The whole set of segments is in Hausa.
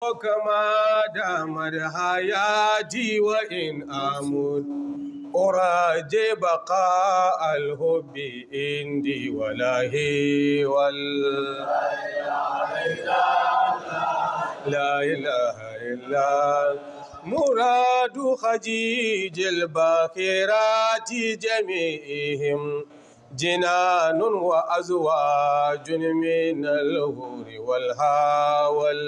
kama da marhaya diwa in amur ƙuraje baka alhobi indi walahi wal muradu hajji jilba kira ti jami'ihim جنان وأزواج من الهور والهاول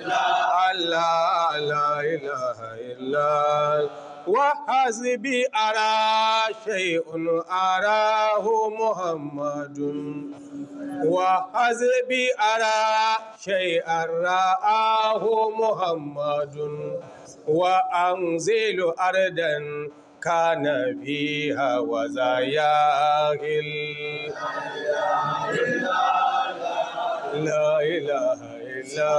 لا لا إله إلا وحسبي أرى شيء أراه محمد وحزبي أرى شيء أراه محمد وأنزل أردا كان فيها وزياهل لا إله إلا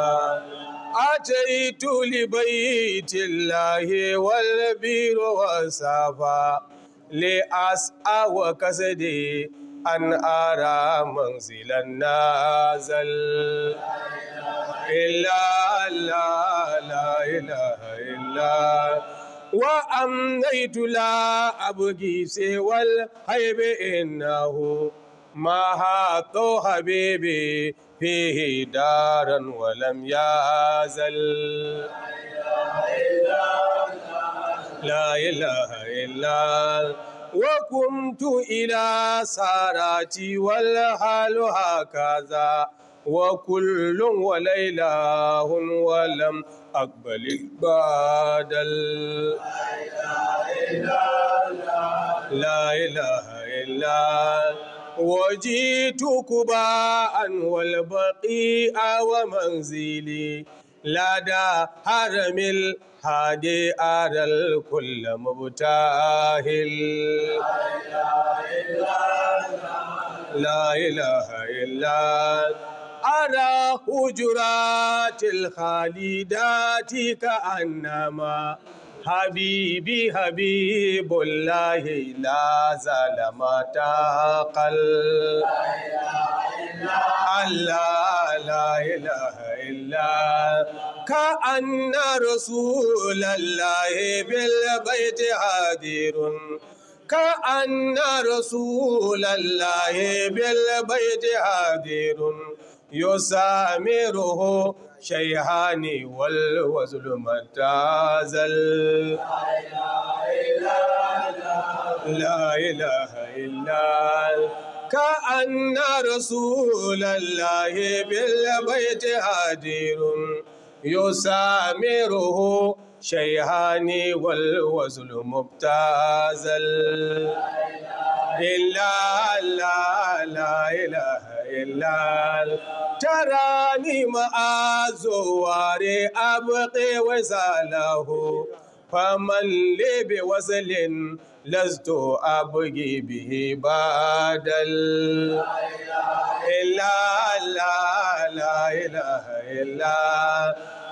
أتيت لبيت الله والبير والصفا لأسعى وكسدي أن أرى منزل النازل إلا لا لا إله إلا wa zai tula abugi sewal haibe innahu ma ha to habibi fihi daran wa lam yazal la ilaha illa wa kuntu ila sarati wal halu hakaza وكل وليله ولم أقبل بعد لا إله إلا وجيت كباء والبقيء ومنزلي لدى هرم الهادي أرى الكل مبتاهل لا إله إلا الله على حجرات الخالدات كأنما حبيبي حبيب الله لا زال متاقل الله لا إله إلا كأن رسول الله بالبيت حاضر كأن رسول الله بالبيت حاضر يسامره شيهاني والوزل متازل لا إله إلا الله كأن رسول الله بالبيت هادير يسامره شيهاني والوزن مبتازل إلا لا لا إله إلا تراني ما أزواري أبقي وزاله فمن لي بوزل لست أبقي به بادل إلا لا لا إله إلا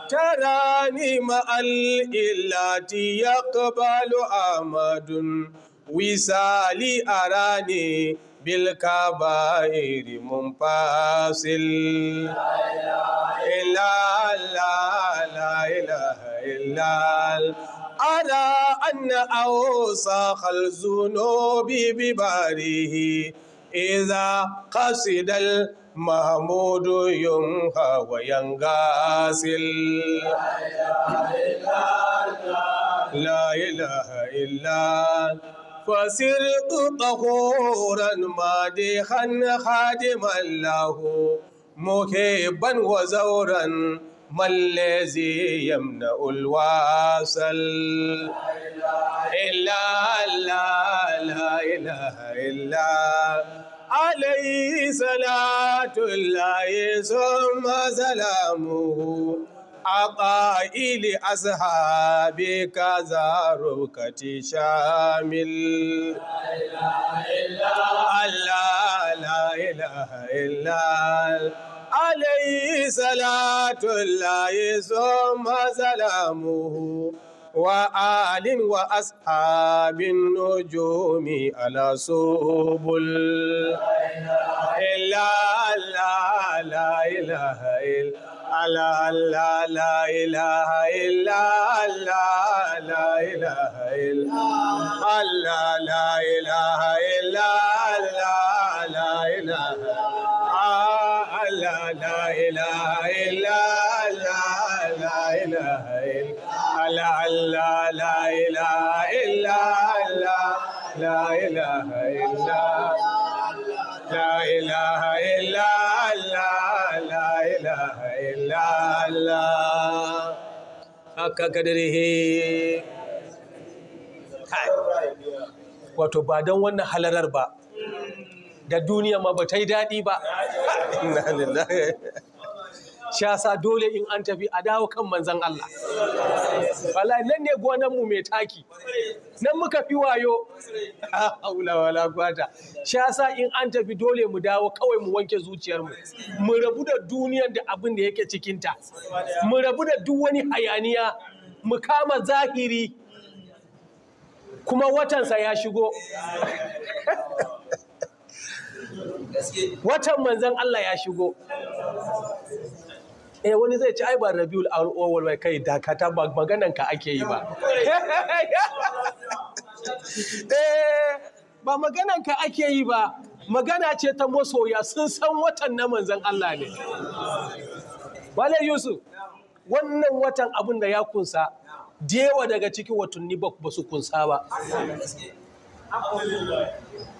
tarani ma'al illati ya ƙabalu amadun wisali a rani bilka ba iri mun fasil ilalalalalalal ara anna awusa halzuno bibi barihi iza kasidal محمود يمحى وينغاسل لا إله إلا الله فسرت طهورا مادحا خادما له مكيبا وزورا ما الذي يمنع الواصل إلا الله لا إله إلا الله عليه صلاة الله ثم سلامه أقائل أصحابك زارك شامل لا إله إلا الله عليه صلاة الله ثم سلامه وآل وأصحاب النجوم على سبل إلا لا لا إله إلا لا لا لا إله إلا الله لا إله إلا الله لا إله إلا الله لا إله la wato ba don wannan halarar ba da duniya ma ba ta yi daɗi ba. shasa dole in an tafi a dawo kan manzan Allah wallahi nan ne gonan mu mai taki nan muka fi wayo haula wala gwata shasa in an tafi dole mu dawo kawai mu wanke zuciyar mu mu rabu da duniyar da abin da yake cikin ta mu rabu da duk wani hayaniya mu kama zahiri kuma watansa ya shigo watan manzan Allah ya shigo eh wani zai ci ai ba rabiul awwal wai kai dakata ba maganan ka ake yi ba eh ba maganan ka ake yi ba magana ce ta masoya sun san watan na manzon Allah ne Wale Yusuf wannan watan abin da ya kunsa dewa daga cikin watanni ba su kunsa ba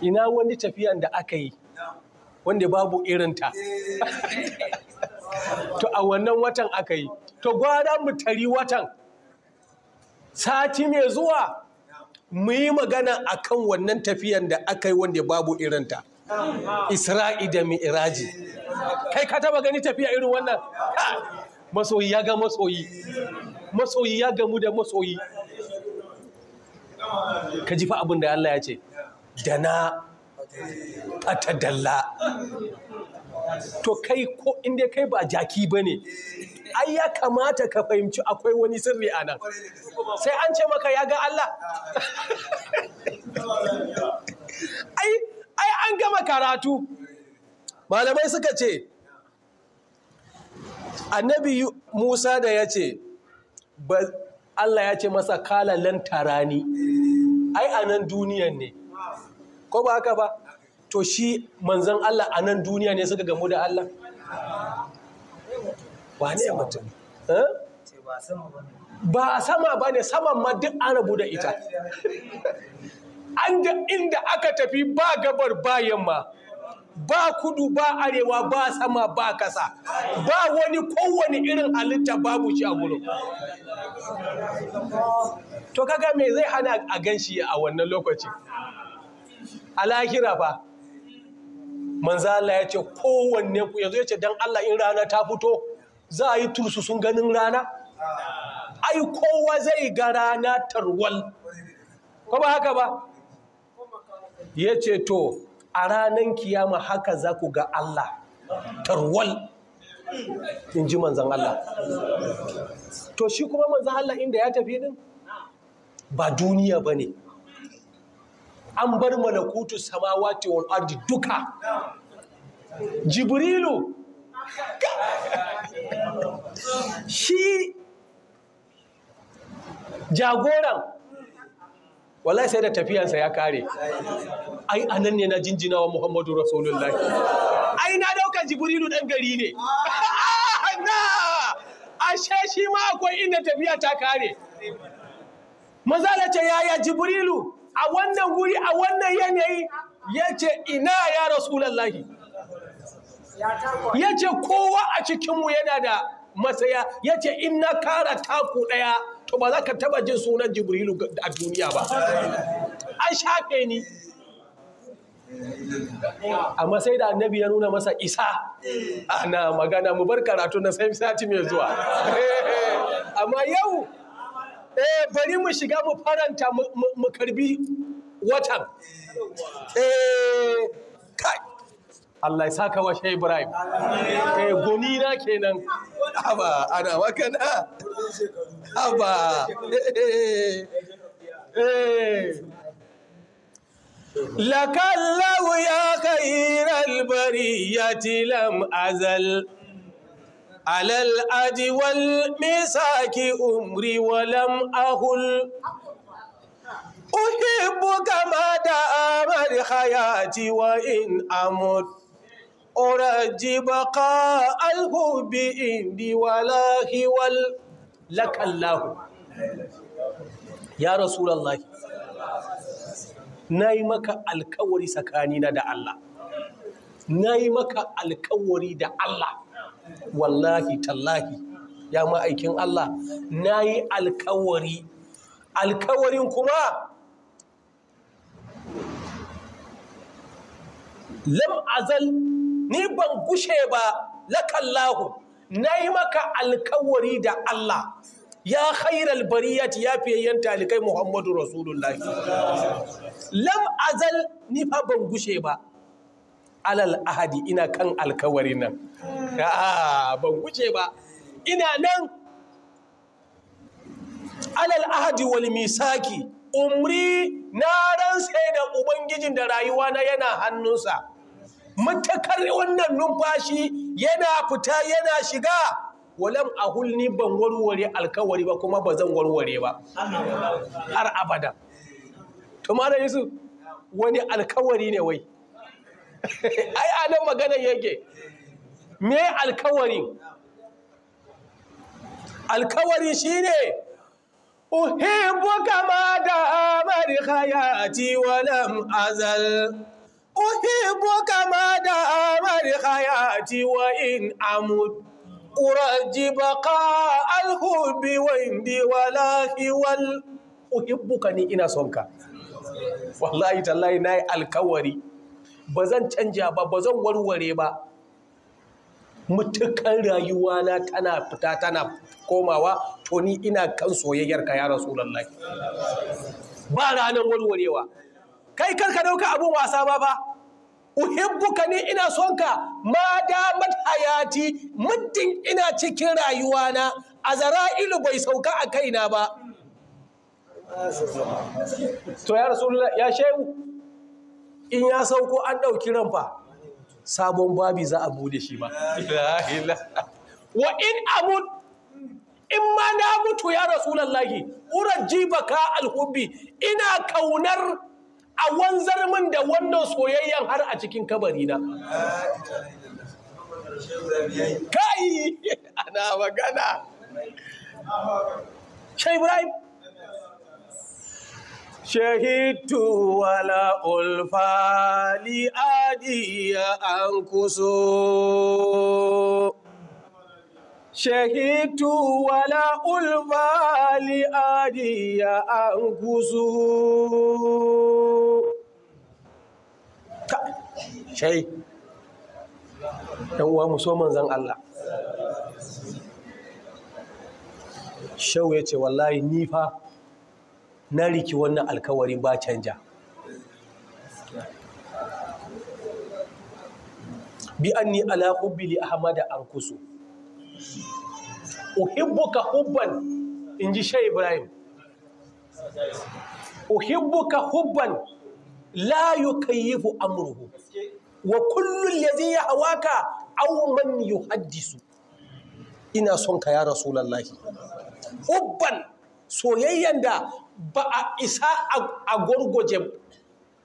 ina wani tafiyan da aka yi wanda babu irinta to a wannan watan aka yi to gwada mu tari watan sati mai zuwa mu yi magana a kan wannan tafiyan da aka yi wanda babu irinta isra'i da mi'iraji kai ka taba gani tafiya irin wannan masoyi ya ga masoyi masoyi ya gamu da masoyi ka ji fa abin da Allah ya ce da na dalla. to kai ko inda kai ba jaki ba ne ai ya kamata ka fahimci akwai wani sirri a nan sai an ce maka ya ga Allah ai an gama karatu malamai suka ce annabi musa da ya ce Allah ya ce masa kalalan tarani ai a nan duniyan ne ko ba haka ba to shi manzan Allah a nan duniya ne suka gamu da Allah ba ne mutum ba a sama ba ne saman ma duk an da ita an inda aka tafi ba gabar ba yamma ba kudu ba arewa ba sama ba kasa ba wani kowane irin halitta babu shi a wuro, to kaga me zai hana a ganshi a wannan lokaci a lahira fa manza Allah ya ce kowanne ku yanzu ya ce don Allah in rana ta fito za a yi tursu sun ganin rana ai kowa zai ga rana tarwal ko ba haka ba ya ce to a ranan kiyama haka za ku ga Allah tarwal in ji manzan Allah to shi kuma manzan Allah inda ya tafi din ba duniya ba ne an bar malakutu samawati wal ardi duka jibrilu shi jagoran wallahi sai da tafiyansa ya kare ai anan ne na jinjina wa muhammadu rasulullahi ai na dauka jibrilu dan gari ne ashe shi ma akwai inda tafiya ta kare maza ce yaya jibrilu a wannan guri a wannan yanayi ya ce ina ya rasulallahi ya ce kowa a cikinmu yana da masaya ya ce in kara taku ɗaya to ba za ka taba jin sunan jibrilu a duniya ba an shafe ni amma sai da annabi ya nuna masa isa ana magana mu bar karatu na sami sati mai zuwa amma yau eh bari mu shiga mu faranta mu karbi watan eh, Allah ya saka wa Shehu Ibrahim. Eh goni na kenan. Aba ana makana. Aba. Eh. لك الله يا خير البرية لم أزل alal adiwal misaki umri walam ahul uhibbu kama da amar hayati wa in amut uraji baka alhubi indi walahi wal lakallahu ya rasulallah na yi maka alkawari tsakanina da Allah na yi maka alkawari da Allah wallahi tallahi ya ma'aikin Allah na yi alkawari alkawarin kuma lam azal ni ban gushe ba lakallahu na yi maka alkawari da Allah ya khairal bariyat ya fiyayyen talikai Muhammadu Rasulullahi. Lam azal ni fa ban gushe ba, alal ahadi ina kan alkawari nan ban wuce ba ina nan alal ahadi wal misaki umri na rantse da ubangijin da rayuwa na yana hannunsa matakar wannan numfashi yana fita yana shiga walam a hulni ban warware alkawari ba kuma ba zan warware ba har abada tumara yusuf wani alkawari ne wai ai nan magana yake me alkawari alkawari shine uhibbuka ma da amari hayati wa azal uhibbuka ma da amari hayati wa in amut أرجي بقاء الحب وإندي ولا هوال أحبك ني إنا سونكا والله na yi alkawari. ba zan canja ba ba zan warware ba mutukan rayuwa na tana fita tana komawa to ni ina kan soyayyar ka ya rasulullahi ba ranar warwarewa kai karka dauka abun wasa ba ba uhibbuka ni ina son ka ma damat hayati muddin ina cikin rayuwana azara'ilu bai sauka a kaina ba to ya rasulullahi ya shehu in ya sauko an ɗauki ranfa sabon babi za a bude shi ba wa in amun in ma na mutu ya rasu rasulallahi jiba ka alhubi ina kaunar a wanzar min da wannan soyayyen har a cikin kabarina kai ana magana shahidu wala ulfa li adiya an kuso wala ulfa li adiya an shai ɗan musamman zan Allah shau ya ce wallahi nifa na riki wannan alkawari ba canja bi anni ala hubbi li ahmada ankusu uhibbuka hubban inji shai ibrahim uhibbuka hubban la yukayyifu amruhu wa kullu allazi yahwaka aw man yuhaddisu ina son ka ya rasulullahi hubban soyayyan da ba a isa a gwargwaje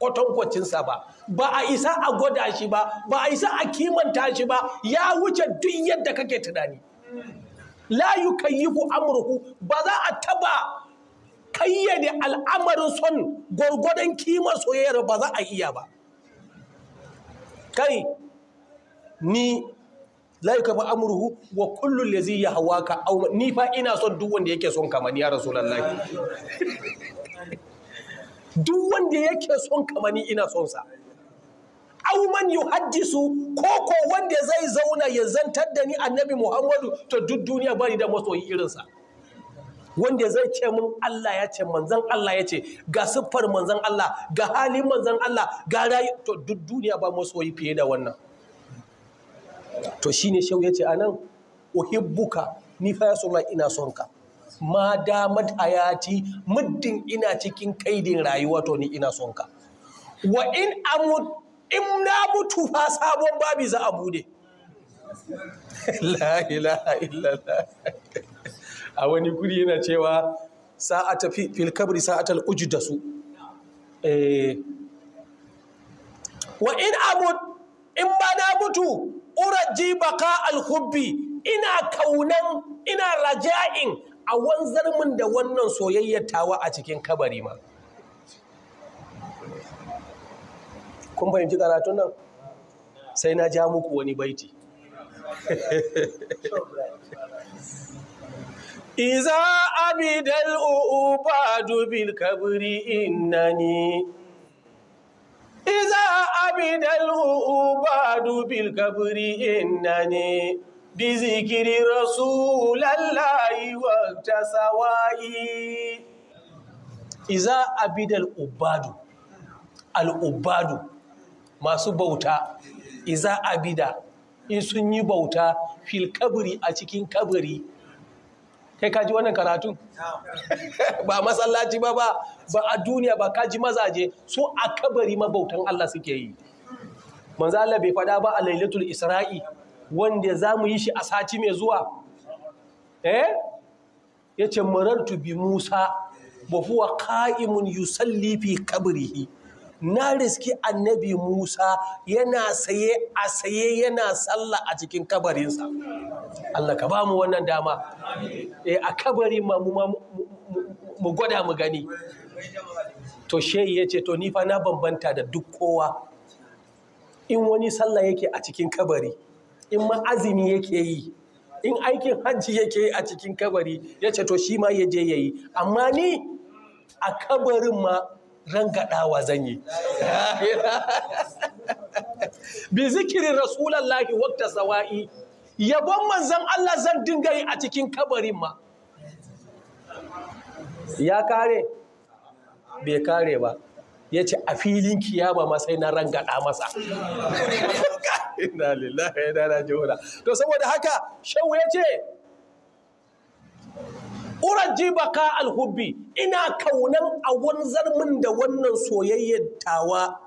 kwatankwacinsa ba ba a isa a gwada shi ba ba a isa a kimanta shi ba ya wuce duk yadda kake tunani yi ku amurku ba za a taba kayyade al'amarin son gwargwadon kimar soyayyar ba za a iya ba kai ni la yukafa amruhu wa kullu allazi yahwaka aw ni fa ina son duk wanda yake son kamani, ya rasulullahi duk wanda yake son kamani ina son sa aw man yuhaddisu ko wanda zai zauna ya zantar da ni annabi Muhammadu to duk duniya bani da masoyi irin sa wanda zai ce mun Allah ya ce manzan Allah ya ce ga siffar manzan Allah ga halin manzan Allah ga rayu to duk duniya ba masoyi fiye da wannan to shi shine shehu ce anan uhibbuka ni fa rasulullah ina son ka ma damat hayati muddin ina cikin kaidin rayuwa to ni ina son ka wa in amu in na mutu fa sabon babi za a bude la ilaha illallah a wani guri yana cewa sa'ata fil kabri sa'atal ujdasu eh wa in amu in ba na mutu uraji baka alhubbi ina kaunan ina raja'in a wanzar min da wannan soyayyar tawa a cikin kabari ma kun fahimci karatun nan sai na ja muku wani baiti iza abidal ubadu dubil kabri innani iza abidal ubadu bil kabri innani bi zikri lallai wa tasawai iza abidal ubadu al'ubadu ubadu masu bauta iza abida in sun yi bauta fil kabri a cikin kabri kai kaji wannan karatun? ba masallaci ba ba ba a duniya ba kaji mazaje So a kabari mabautan Allah suke yi manzo Allah bai faɗa ba a lailatul isra'i wanda za mu yi shi a sati mai zuwa eh yace marartu bi musa wa huwa qa'imun yusalli fi na riski annabi Musa yana saye a saye yana sallah a cikin kabarinsa. Allah ka ba mu wannan dama. E, a kabari mu gwada mu gani. To shehi ya ce, to ni na bambanta da duk kowa. In wani sallah yake a cikin kabari, in ma azumi yake yi, in aikin hajji yake yi a cikin kabari, ya ce to shi ma ya je ya yi. Amma ni a kabarin ma rangadawa zan yi bi zikirin rasulallahi wakta sawa'i yabon manzan Allah zan dinga yi a cikin kabarin ma ya kare bai kare ba ya ce a filin kiyama ma sai na rangada masa ina lillahi ya dana jihuna to saboda haka shawu ya ce uraji baka alhubbi ina kaunan a wanzar min da wannan soyayyar tawa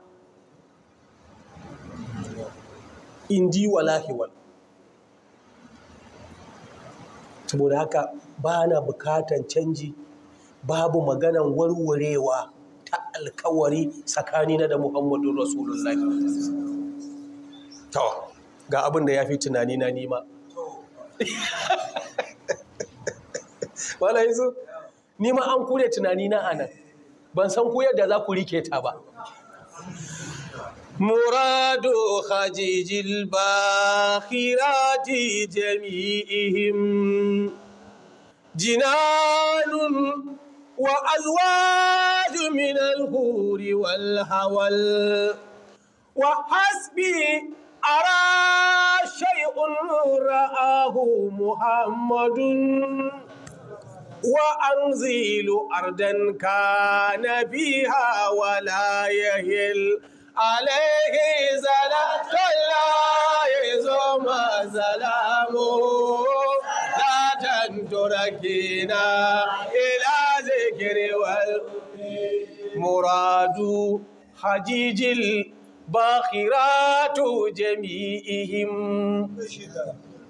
in ji walahiwal saboda haka ba na bukatan canji babu maganan warwarewa ta alkawari tsakanina da muhammadun rasulullah ga abin da ya fi tunani na nima wala yanzu an kure tunani na anan ban san ku yadda za ku rike ta ba muradu hajijil bakhirati jami'ihim jinanun wa azwaju min alhuri wal hawal wa hasbi ara shay'un ra'ahu muhammadun وأنزل أرضا كان فيها ولا يهل عليه زلات الله يزوم زلامه لا تنتركينا إلى ذكر والمراد حجيج الباخرات جميعهم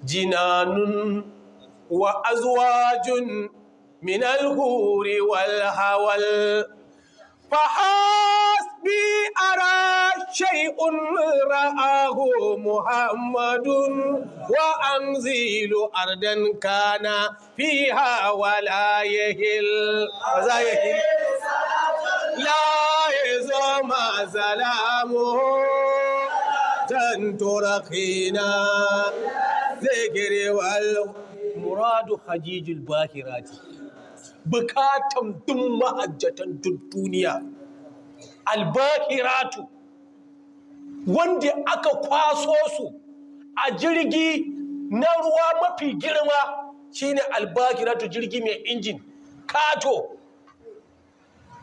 جنان وأزواج من الغور والهول فحسبي أرى شيء رآه محمد وأنزل أرضا كان فيها ولا يهل ولا يهل لا يزوم سلامه تنترخينا ذكر والمراد خجيج الباكرات bukatan duk ma'ajjatan duk duniya albahiratu wanda aka kwaso su a jirgi na ruwa mafi girma shine albahiratu jirgi mai injin kato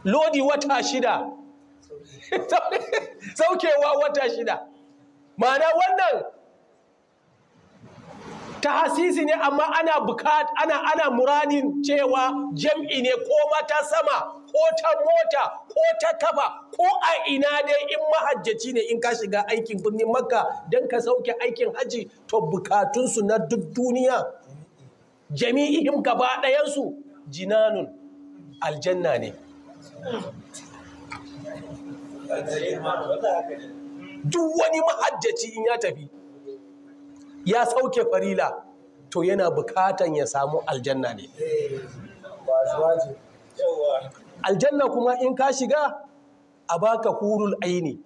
lodi wata shida saukewa wata shida ma'ana wannan ta hasisi ne amma ana bukat ana ana muranin cewa jam'i ne ko mata sama ko ta mota ko ta kafa ko a ina dai in mahajjaci ne in ka shiga aikin birnin makka don ka sauke aikin hajji to bukatunsu na duk duniya jami'in gaba ɗayansu jinanun aljanna ne duk wani mahajjaci in ya tafi ya sauke farila to yana bukatan ya samu aljanna ne aljanna kuma in ka shiga a baka hurul aini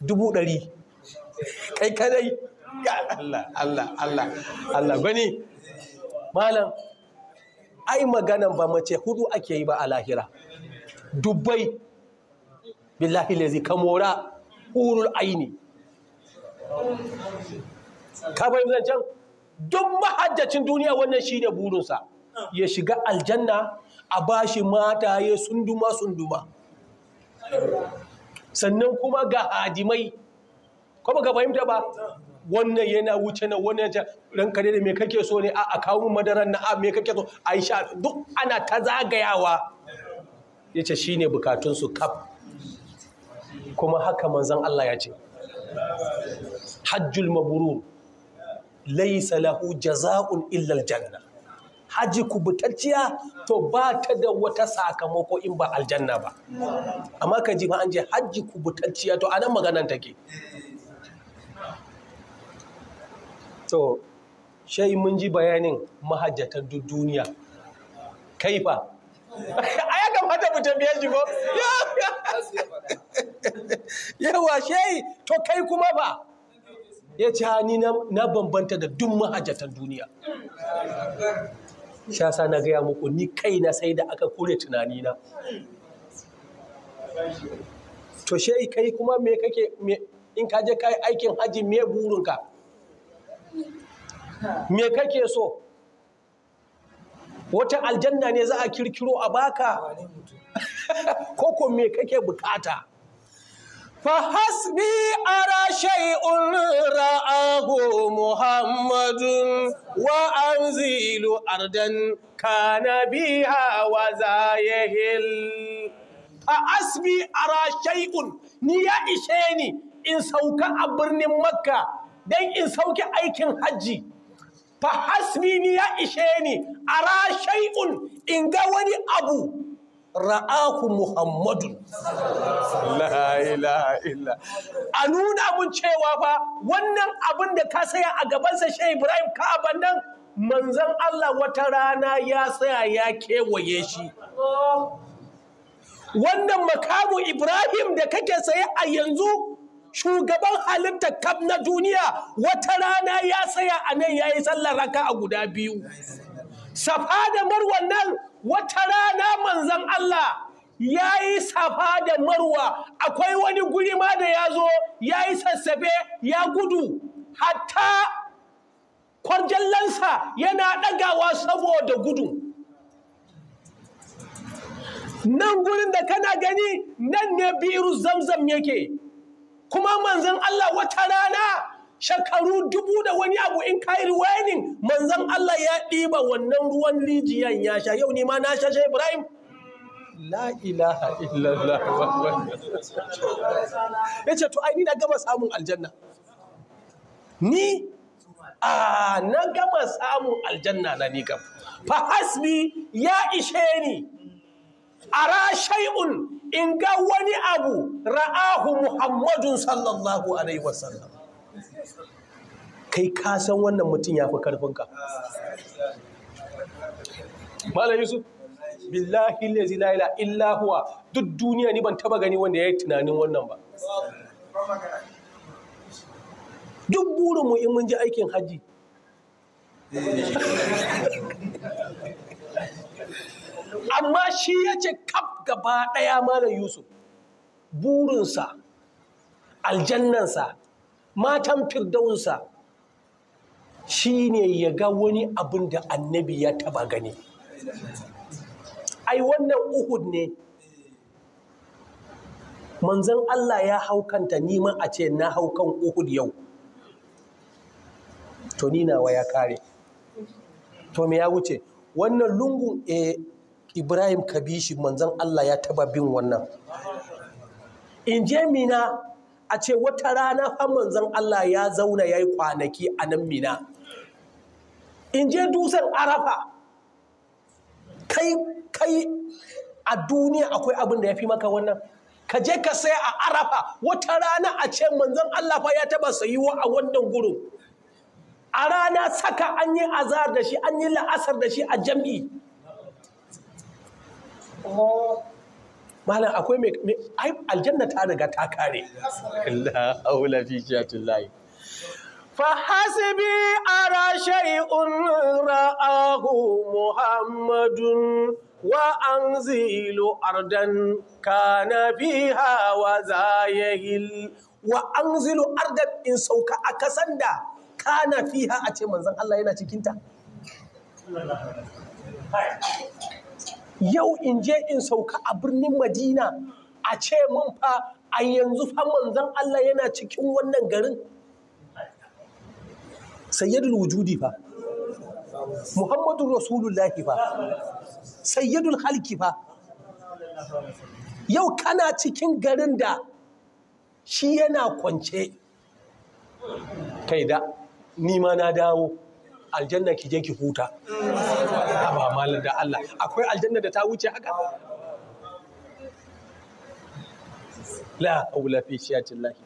dubu ɗari kai kadai Allah Allah Allah Allah gani malam ai maganan ba mace hudu ake yi ba a lahira dubbai billahi lazi kamora hurul aini ka zancen duk mahajjacin duniya wannan shi ne burinsa ya shiga aljanna a bashi mataye sunduma sunduma sannan kuma ga hadimai kuma ga fahimta ba wannan yana wuce na wannan ya rankare da me kake so ne a kawo madaran na a me kake so aisha duk ana ta zagayawa Ya ce shi ne bukatunsu kaf kuma haka manzan Allah ya ce hajjul maburu laisa lahu jaza'un illal janna haji kubutacciya to ba ta da wata sakamako in ba aljanna ba amma ka ji ma an je haji kubutacciya to anan maganan take to shai mun ji bayanin mahajjatar duniya duniya kaifa a ya kamata mu tambaye shi ko yawa shai to kai kuma ba ya ce ni na bambanta da duk mahajjatan duniya shasa na gaya muku ni kaina sai da aka kure tunanina to she kai kuma me kake in ka je kai aikin haji me burinka me kake so wata aljanna ne za a kirkiro a baka koko me kake bukata فحسبي أرى شيء رآه محمد وأنزل أرضا كان بها وزايهل فحسبي أرى شيء نيا إشيني إن سوكا أبرني مكة دين إن سوكا أيكن حجي فحسبي نيا إشيني أرى شيء إن قواني أبو ra'ahu Muhammadu. la ilaha illa a nuna mun cewa ba, wannan abin da ka saya a gabansa shi ibrahim ka nan, manzon Allah wata rana ya tsaya ya kewaye shi wannan makamu ibrahim da kake saya a yanzu shugaban halitta kaf na duniya wata rana ya saya a nan ya yi sallar raka a guda biyu safa da marwan nan wata rana manzan Allah ya yi safa da marwa akwai wani guri ma da ya zo ya yi sassabe ya gudu hatta kwarjallansa yana ɗagawa saboda gudu nan gurin da kana gani nan ne biru zamzam yake kuma manzan Allah wata rana shekaru dubu da wani abu in kai riwayanin manzon Allah ya ɗiba wannan ruwan lijiyan ya sha yau ni ma na sha shi Ibrahim la ilaha illallah yace to ai ni na gama samun aljanna ni a na gama samun aljanna na ni kam fa hasbi ya ishe ni ara shay'un in ga wani abu ra'ahu muhammadun sallallahu alaihi wasallam kai kasan wannan mutum ya fi ka. malam yusuf billahi lazi la ila illa huwa duk duniya ni ban taba gani wanda ya yi tunanin wannan ba duk burinmu in mun ji aikin hajji amma shi ya ce kaf gaba ɗaya malam yusuf burinsa aljannansa matan firdausa Shi ne ya ga wani abin da annabi ya taba gani ai wannan uhud ne manzon Allah ya haukanta nima a ce na haukan uhud yau to ni ya kare to me ya wuce wannan lungu e eh, ibrahim kabishi manzon Allah ya taba bin wannan in je mina a ce wata rana hamman zan Allah ya zauna ya yi kwanaki a nan mina in je dusar arafa kai kai a duniya akwai abin da ya fi maka wannan ka je ka saya a arafa wata rana a ce manzan Allah fa ya taba sayuwa a wannan gurin a rana saka an yi azar da shi an yi la'asar da shi a jam'i malam akwai aljanna ta riga ta kare fahasibi ara shay'un ra'ahu muhammadun wa an zilu ardan hawa za ya yi. wa an zilu ardan in sauka a kasan da ka fiha a ce manzan Allah yana cikinta yau in je in sauka a birnin madina a ce mun fa a yanzu fa manzon Allah yana cikin wannan garin sayyidul wujudi fa muhammadun rasulullahi fa sayyidul halki fa yau kana cikin garin da shi yana kwance kai da nima na dawo aljanna ki je ki huta ba malam da Allah akwai aljanna da ta wuce haka la haula fi shiyatillahi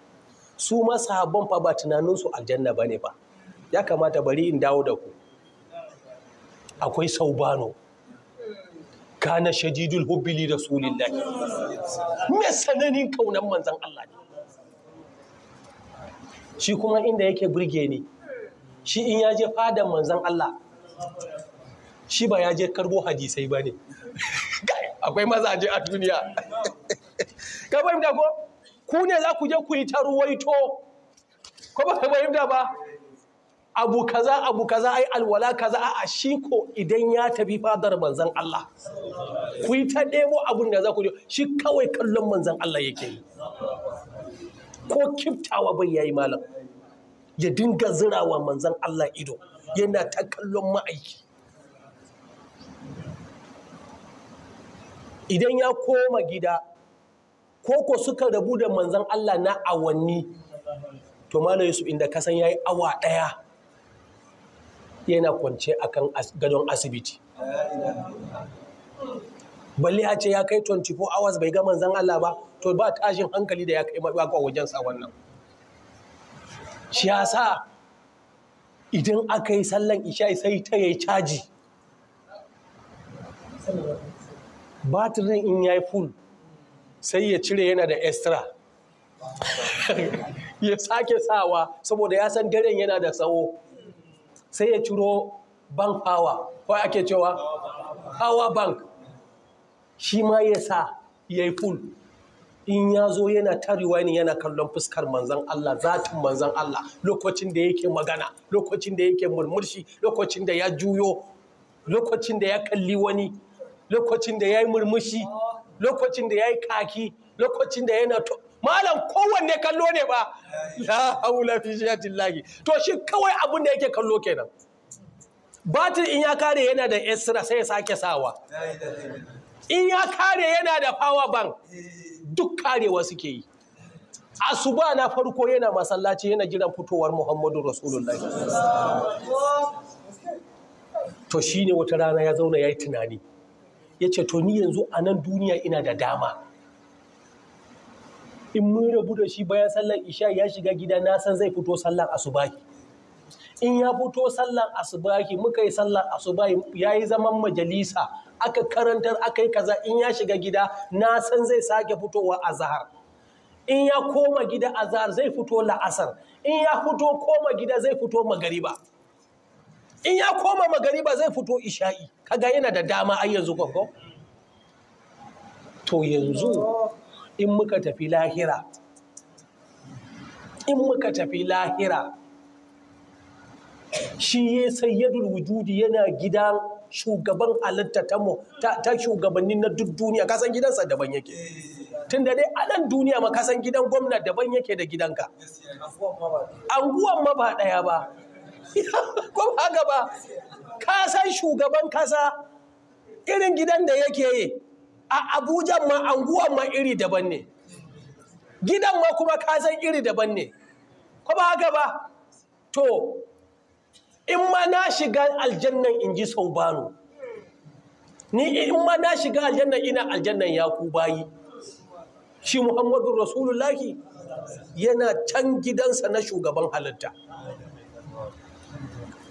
su ma sahabban fa ba tunanin su aljanna bane ba ya kamata bari in dawo da ku akwai saubano kana shajidul hubbi li rasulillahi me sananin kaunan manzon Allah ne shi kuma inda yake burge ni shi in yaje fadan manzon Allah shi ba ya je karbo hadisai ba ne akwai mazaje a duniya ka fahimta ko ku ne za ku je ku yi ta ruwaito ko ba ka fahimta ba abu kaza abu kaza ai alwala kaza a shi ko idan ya tafi fadar manzan Allah ku yi ta ɗebo abun da za ku je shi kawai kallon manzan Allah yake yi ko kiftawa bai yayi malam ya dinga zirawa manzan Allah ido yana ta kallon ma'aiki idan ya koma gida koko suka rabu da manzan Allah na awanni to malam Yusuf inda kasan yayi awa ɗaya yana kwance a kan gadon asibiti balle a ce ya kai 24 hours bai ga manzan Allah ba to ba tashin hankali da ya kai ba a wajen sa wannan shi ya sa idan aka yi sallan isha sai ta yi caji batirin in ya yi full sai ya cire yana da extra ya sake sawa saboda ya san daren yana da tsawo sai ya ciro bank power ko ake cewa power bank shi ma ya sa ya yi full in ya zo yana tarewa ne yana kallon fuskar manzan Allah zatin manzan Allah lokacin da yake magana lokacin da yake murmurshi lokacin da ya juyo lokacin da ya kalli wani lokacin da ya yi murmushi lokacin da ya yi kaki lokacin da yana to malam kowanne kallo ne ba la haula fi shatillahi to shi kawai abin da yake kallo kenan batir in ya kare yana da esra sai ya sake sawa in ya kare yana da power bank duk karewa suke yi asuba na farko yana masallaci yana jiran fitowar muhammadu rasulullahi to shi ne wata rana ya zauna ya yi tunani ya ce to ni yanzu a nan duniya ina da dama in mun rabu da shi bayan sallar isha ya shiga gida na san zai fito sallar asubahi in ya fito sallar asubahi muka yi sallar asubahi ya yi zaman majalisa aka karantar aka yi kaza in ya shiga gida na san zai sake fitowa a zahar in ya koma gida a zahar zai fito la'asar in ya fito koma gida zai fito magariba in ya koma magari ba zai fito isha'i kaga yana da dama a yanzu gwaggo to yanzu in muka tafi lahira in muka tafi lahira shi ya sayyadul wujudi yana gidan shugaban halitta ta mu ta shugabanni na duk duniya ka san gidansa daban yake tun da dai a nan duniya ma ka san gidan gwamna daban yake da gidanka anguwan ma ba ɗaya ba ko ba ka san shugaban kasa irin gidan da yake yi a abuja ma anguwan ma iri daban ne gidan ma kuma ka san iri daban ne ko ba gaba to in ma na shiga aljannan in ji sau bano ni in ma na shiga aljannan ina aljannan ya ku bayi shi muhammadu rasulullahi yana can gidansa na shugaban halitta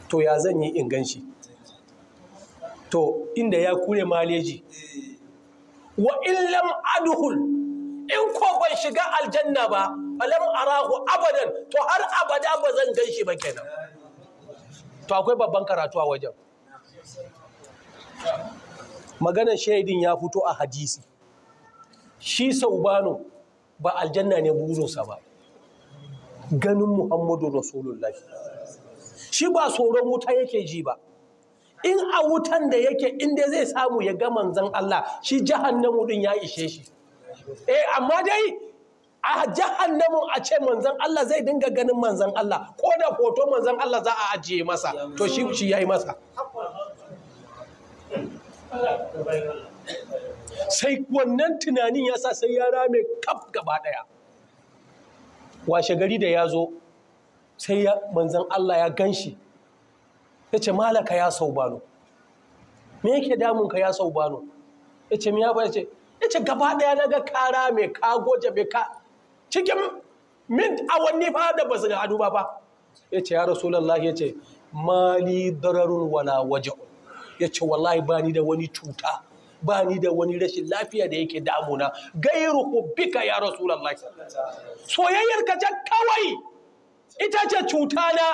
to ya zan yi in gan shi to inda ya kure maleji wa in lam in ko ban shiga aljanna ba alam arahu abadan to har abada ba zan gan shi ba kenan to akwai babban karatu a wajen maganar shaidin ya fito a hadisi shi saubano ba aljanna ne burinsa ba ganin muhammadu rasulullahi shi ba tsoron wuta yake ji ba in a wutan da yake inda zai samu ya ga manzan Allah shi jahannamu din ya ishe shi eh amma dai a mun a ce manzan Allah zai dinga ganin manzan Allah ko da hoto manzan Allah za a ajiye masa to shi shi yayi masa sai wannan tunanin ya sa sai ya rame kaf gaba daya washe gari da ya zo sai manzan Allah ya gan shi ya ce malaka ya sau bano me yake damun ka ya sau bano ya ce miya ba ya ce ya ce gaba ɗaya na ga kara mai ka goje mai ka cikin mint awanni fa da ba su ga aduba ba ya ce ya rasulallah ya ce mali dararun wala waje ya ce wallahi ba ni da wani cuta ba ni da wani rashin lafiya da yake damuna gairu bika ya rasulallah soyayyar ka kawai ita ce cuta na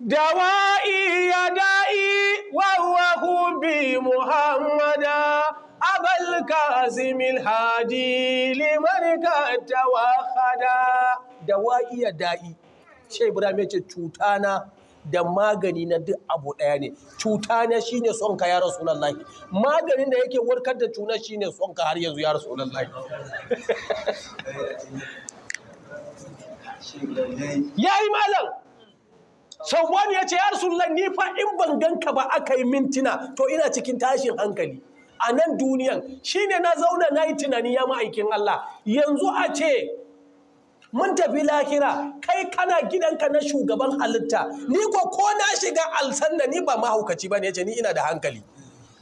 dawa'i ya da'i wa bi muhammada abal kazimil hadi liman ka tawahada dawa'i ya da'i ce ibrahim ya ce cuta na da magani na duk abu ɗaya ne cuta na ne son ka ya rasulullahi maganin da yake warkar da cuta ne son ka har yanzu ya rasulullahi ya yi malam sauwan ya ce ya rasulullah ni fa in ban ganka ba aka yi mintina? to ina cikin tashin hankali a nan duniyan shi ne na zauna na yi tunani ya ma'aikin Allah yanzu a ce mun tafi lahira kai kana gidanka na shugaban halitta ni ko ko na shiga alsanna ni ba mahaukaci ba ne ce ni ina da hankali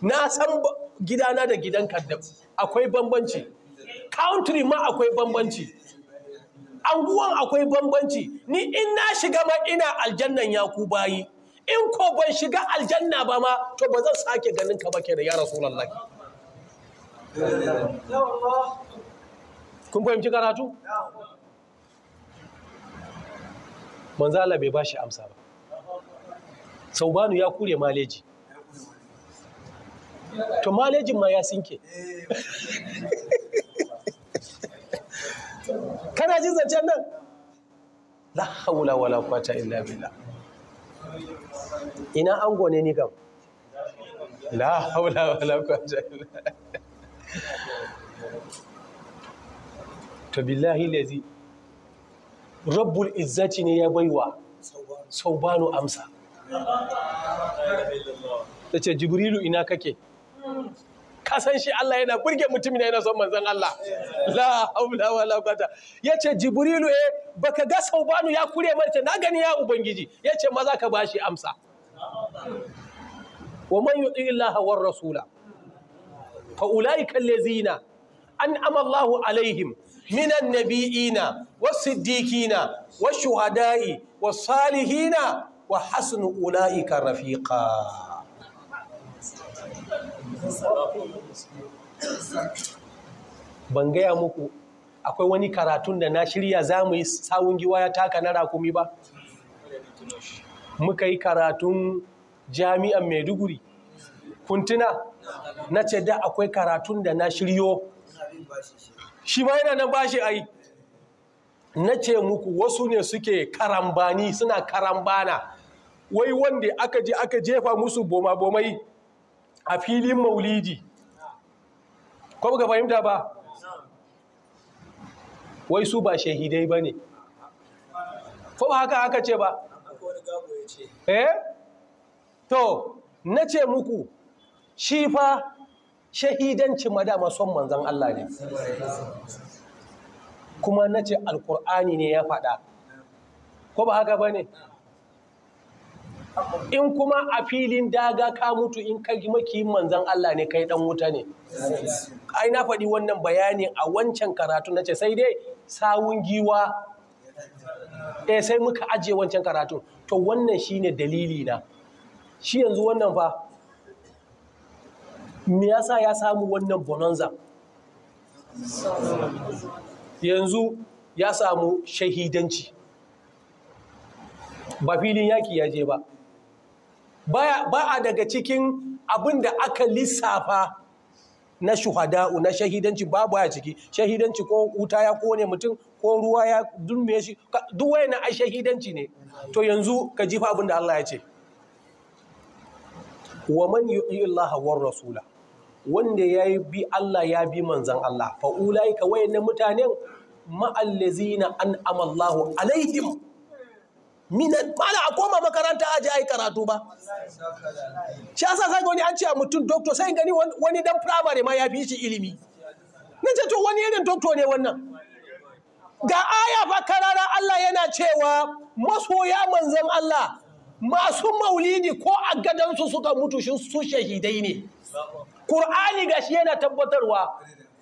na san gidana da gidanka da akwai bambanci country ma akwai bambanci anguwan akwai bambanci ni in na shiga ma ina aljannan ya ku bayi in ko ban shiga aljanna ba ma to ba zan sake ganin ka ba ke da ya rasulallah kun fahimci karatu manzo bai bashi amsa ba saubanu ya kure maleji to malejin ma ya sinke eh. kana jin zancen nan la haula wala quwwata illa billah ina an gone ni kam la haula wala quwwata illa to billahi lazi rabbul izzati ne ya baiwa sawbanu amsa ta ce jibrilu ina kake ka san shi Allah yana burge mutumin da yana son manzon Allah la haula wala yace jibrilu eh baka ga saubanu ya kure mace na gani ya ubangiji yace maza ka bashi amsa wa man yuti Allah war rasula fa ulaika allazina an'ama Allahu alaihim minan nabiyina was siddiqina was shuhada'i was salihina wa hasnu ulaika rafiqa ban gaya muku akwai wani karatun da na shirya za mu yi sawun giwa ya taka na rakumi ba muka yi karatun jami'an maiduguri kuntuna na ce da akwai karatun da na shiryo shi ma yana na bashi ai na ce muku wasu ne suke karambani suna karambana wai wanda aka je aka jefa musu boma-bomai a filin maulidi ko ga fahimta ba wai su ba shahidai ba ne ko ba haka haka ce ba eh to na ce muku shi fa shahidanci madama son manzan Allah ne kuma na ce alkur'ani ne ya faɗa ko ba haka ba ne in kuma a filin daga ka mutu in ka makiyin manzan Allah ne kai dan wuta ne ai na faɗi wannan bayanin a wancan karatu na ce sai dai sawun giwa eh sai muka ajiye wancan karatu to wannan shine dalili na shi yanzu wannan fa me yasa ya samu wannan bonanza yanzu ya samu shahidanci ba filin yaki ya je ba ba a daga cikin abin da aka lissafa na shuhada'u na shahidanci babu a ciki shahidanci ko wuta ya kone mutum ko ruwa ya dulme shi duk wayannan a shahidanci ne to yanzu ka jifa abin da Allah ya ce wa man yu'i Allah war rasula wanda ya bi Allah ya bi manzan Allah fa ka wayannan mutanen ma'allazina an'ama Allah alaihim minan mana a koma makaranta aji ai karatu ba shi yasa sai wani an ce mutum doctor sai gani wani dan primary ma ya fi shi ilimi nace to wani irin doctor ne wannan ga aya fa karara Allah yana cewa masoya manzon Allah masu maulidi ko a gadansu suka mutu su shahidai ne Kur'ani gashi yana tabbatarwa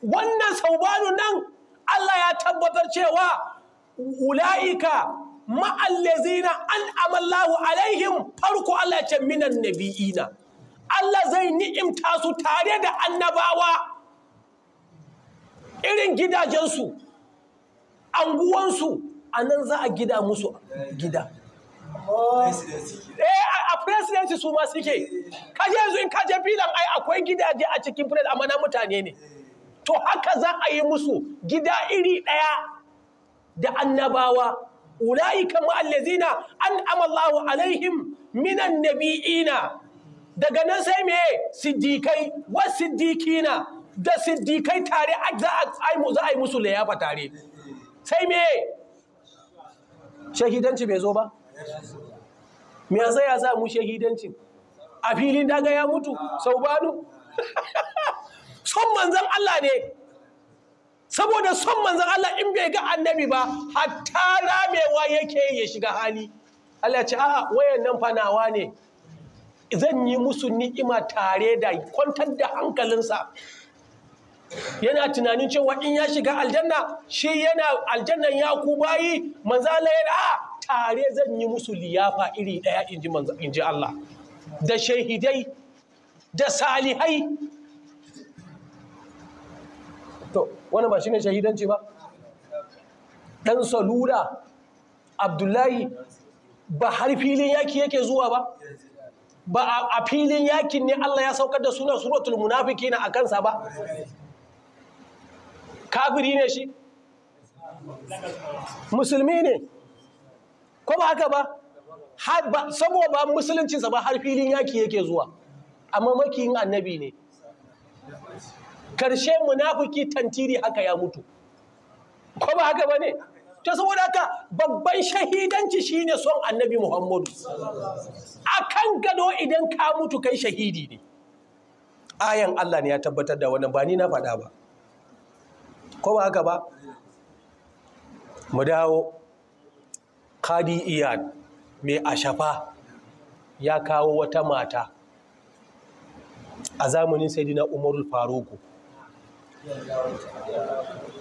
wannan saubanu nan Allah ya tabbatar cewa ula'ika ma'allazina an amallahu alaihim farko Allah ce minan nabi'ina Allah zai ni'imta su tare da annabawa irin gidajensu anguwansu a nan za a gida musu gida eh a presidency su ma suke kaje yanzu in kaje filan ai akwai gidaje a cikin filan amma na mutane ne to haka za a yi musu gida iri ɗaya da annabawa ulaika ma allazina an'ama Allahu alaihim minan nabiyina daga nan sai me siddiqai wa siddiqina da siddikai tare za a za a yi musu layafa tare sai me shahidanci bai zo ba me yasa ya sa mu shahidanci a filin daga ya mutu sau banu son manzon Allah ne saboda son manzan Allah in bai ga annabi ba hatta ramewa yake ya shiga hali Allah ce a'a wayan nan fanawa ne zan yi musu ni'ima tare da kwantar da hankalinsa yana tunanin cewa in ya shiga aljanna shi yana aljannan ya ku bayi manzo Allah ya tare zan yi musu liyafa iri daya inji ji inji Allah da shahidai da salihai to wani ba ne shahidanci ba Ɗan salula abdullahi ba har filin yaki yake zuwa ba ba a filin yakin ne Allah ya saukar da suna suratul munafiki na a kansa ba kafiri ne shi musulmi ne ko ba haka ba saboda ba musuluncinsa ba har filin yaki yake zuwa amma makiyin annabi ne karshe munafiki tantiri haka ya mutu ko ba haka bane to saboda haka babban shahidanci shine son annabi muhammadu akan gado idan ka mutu kai shahidi ne ayan Allah ne ya tabbatar da wannan ba ni na faɗa ba ko ba haka ba mu dawo kadi iyan mai ashafa ya kawo wata mata a zamanin saidina umarul faruku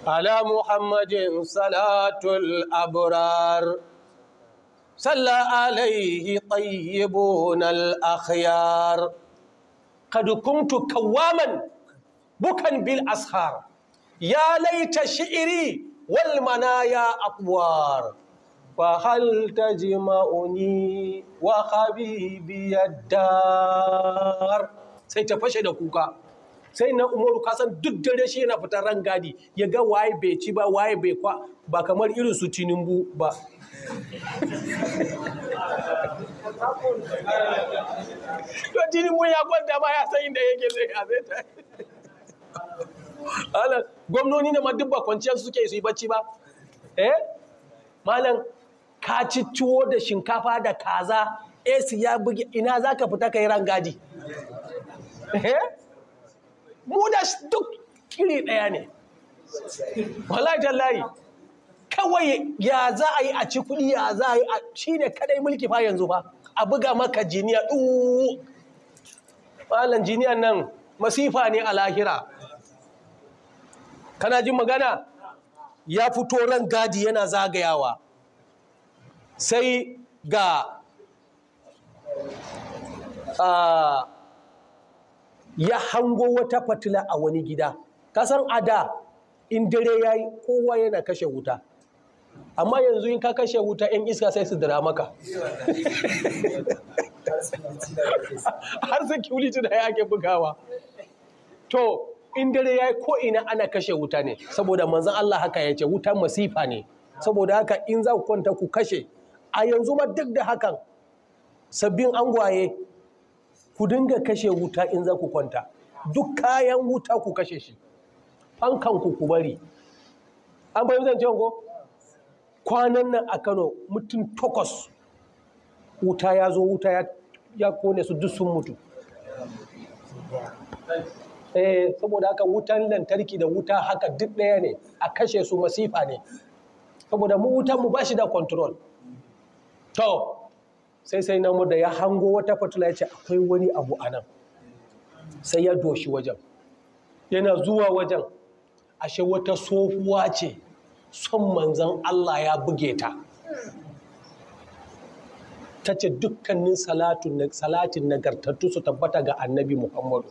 على محمد صلاة الأبرار صلى عليه طيبون الأخيار قد كنت كواما بكا بالأسهار يا ليت شعري والمنايا أطوار فهل تجمعني وحبيبي الدار سيتفشل كوكا sai na umaru kasan duk dare shi yana fitar gadi, ya ga waye bai ci ba waye bai kwa ba kamar irin su tinubu ba to tinubu ya kwanta ma ya san inda yake zai a zai ta gwamnoni na madubba kwanciyar suke su yi bacci ba eh malam ka ci tuwo da shinkafa da kaza AC ya bugi ina za ka fita ka yi gadi? eh mudas duk iri ɗaya ne wallahi tallahi kawai ya za a yi a ci kuɗi ya za a yi a. shi ne kadai mulki fa yanzu fa a buga maka jiniya ɗuwu malam jiniyan nan masifa ne a lahira kana jin magana ya fito ran gadi yana zagayawa sai ga uh, ya hango wata fatila a wani gida kasan a da in dare ya yi kowa yana kashe wuta amma yanzu in ka kashe wuta 'yan iska sai su dara maka har security da ake bugawa to in dare ya yi ina ana kashe wuta ne saboda manzan Allah haka ya ce wutan masifa ne saboda haka in za ku kwanta ku kashe a yanzu ma duk da hakan sabbin angwaye ku dinga kashe wuta in za ku kwanta duk kayan wuta ku kashe shi kan ku ku bari an bayan zan ko kwanan nan a kano mutum takwas wuta ya zo wuta ya kone su duk sun mutu eh saboda haka wutan lantarki da wuta haka duk ɗaya ne a kashe su masifa ne saboda mu wutan mu ba shi da control to sai sai na da ya hango wata fatula ya ce akwai wani abu a nan sai ya doshi wajen yana zuwa wajen ashe wata sofuwa ce son manzan Allah ya buge ta ta ce dukkanin salatin nagartattu su tabbata ga annabi Muhammadu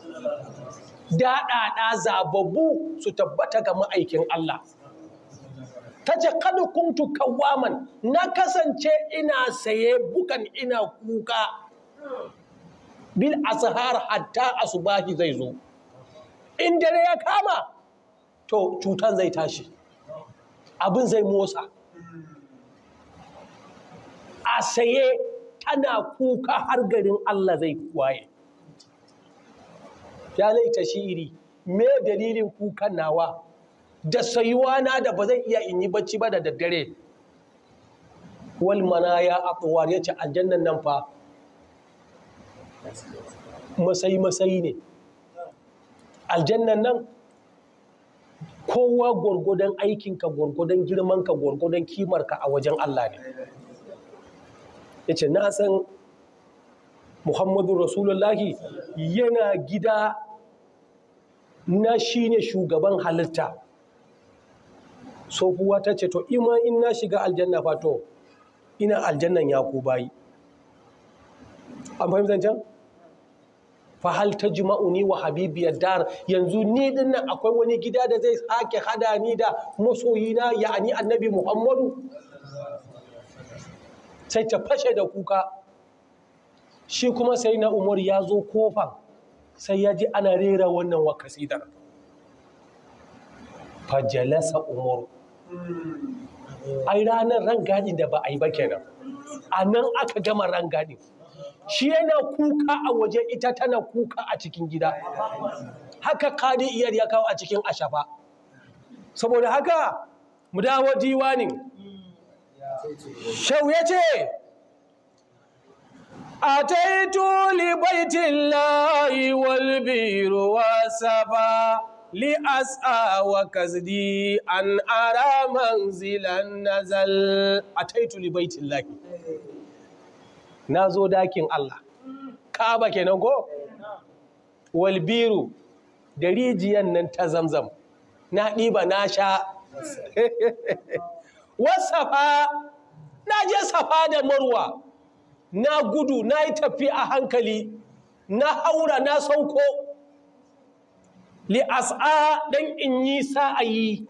daɗaɗa zababbu su tabbata ga ma'aikin Allah ta ce kada kuntu kawaman na kasance ina saye bukan ina kuka bil ashar hatta asubahi zai zo in dare ya kama to cutan zai tashi abin zai motsa a saye tana kuka har garin Allah zai waye ya laita shiri me dalilin kukan nawa da sayuwa na da ba zai iya in yi bacci ba da daddare wal manaya ya yace aljannan nan fa masai masai ne aljannan nan kowa gwargwadon aikinka gwargwadon girmanka gwargwadon kimarka a wajen Allah ne yace na san muhammadu rasulullahi yana gida na shine shugaban halitta tsohuwa ta ce to ima in na shiga aljanna fa to ina aljannan ya ku bayi an fahimta can fa hal tajma'uni wa habibi dar yanzu ni din akwai wani gida da zai sake hada ni da masoyina ya'ani annabi muhammadu sai ta fashe da kuka shi kuma sai na umar ya zo kofan sai ya ji ana rera wannan wa kasidar fajalasa umaru ai ranar rangadin da ba a yi ba kenan a nan aka gama rangadin shi yana kuka a waje ita tana kuka a cikin gida haka kadi iyar ya kawo a cikin ashafa saboda haka mu dawo diwanin shau ya ce أتيت لبيت الله والبير والسبا asa wa kasdi an ara manzilan nazal ataitu li Laki. na zo dakin Allah kaba kenan ko walbiru da rijiyan nan ta zamzam na ɗiba na sha wasafa na je safa da marwa na gudu na yi tafi a hankali na haura na sauko li as'a dan in yi sa'ayi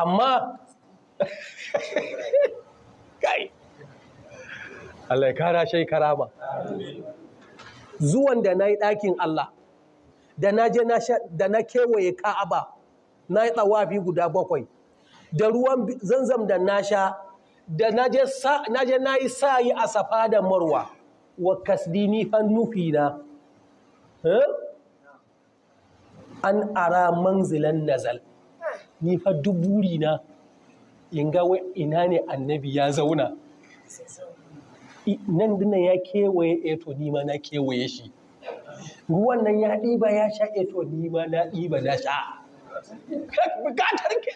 amma kai Allah ya kara shai karama zuwan da na yi ɗakin Allah da na je da na kewaye ka'aba na yi tsawafi guda bakwai da ruwan zanzam da na sha da na je na yi sa'ayi a safa da marwa wa kasdini fan nufina an ara manzilan nazal ni fa duburi na in ga ina ne annabi ya zauna nan dina ya kewaye eto eh ni ma na kewaye shi ruwan nan ya ɗiba ya sha eto eh ni ma na ɗiba na sha bukatar ke